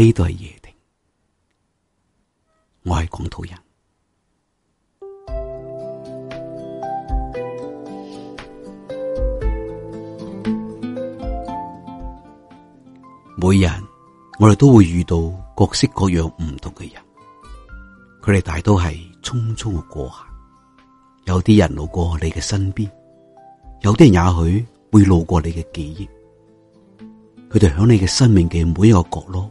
呢度係夜定，我係廣土人。每日我哋都會遇到各式各樣唔同嘅人，佢哋大多係匆匆嘅過客。有啲人路過你嘅身邊，有啲人也許會路過你嘅記憶。佢哋響你嘅生命嘅每一個角落。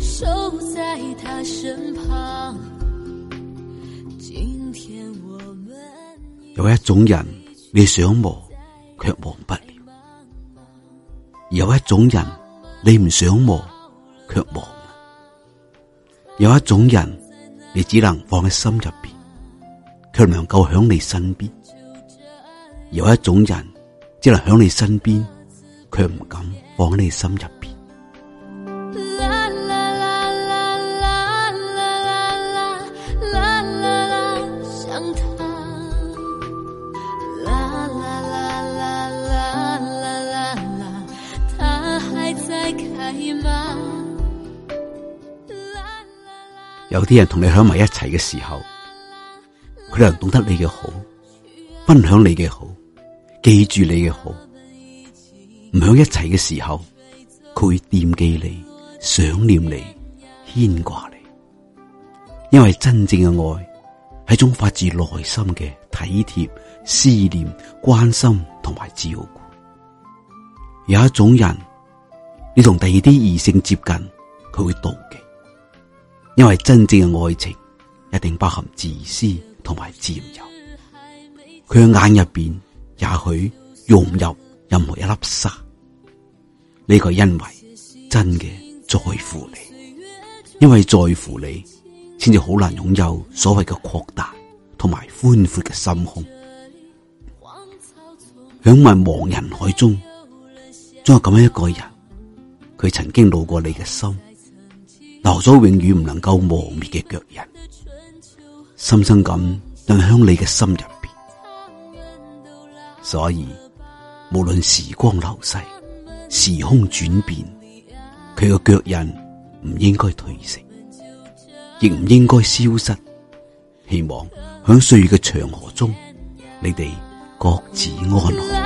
守在他身旁。今天，我們有一種人，你想忘卻忘不了；有一種人，你唔想忘卻忘；有一種人，你只能放喺心入邊，卻唔能夠喺你身邊；有一種人，只能喺你身邊，卻唔敢放喺你心入。有啲人同你響埋一齊嘅時候，佢能懂得你嘅好，分享你嘅好，記住你嘅好；唔響一齊嘅時候，佢會惦記你、想念你、牽掛你。因為真正嘅愛係種發自內心嘅體貼、思念、關心同埋照顧。有一種人。你同第二啲異性接近，佢會妒忌，因為真正嘅愛情一定包含自私同埋佔有。佢嘅眼入邊，也許擁有任何一粒沙。呢個因為真嘅在乎你，因為在乎你，先至好難擁有所謂嘅擴大同埋寬闊嘅心胸。響埋茫茫人海中，總有咁樣一個人。佢曾經路過你嘅心，留咗永遠唔能夠磨滅嘅腳印，深深咁印響你嘅心入邊。所以無論時光流逝，時空轉變，佢嘅腳印唔應該褪色，亦唔應該消失。希望響歲月嘅長河中，你哋各自安好。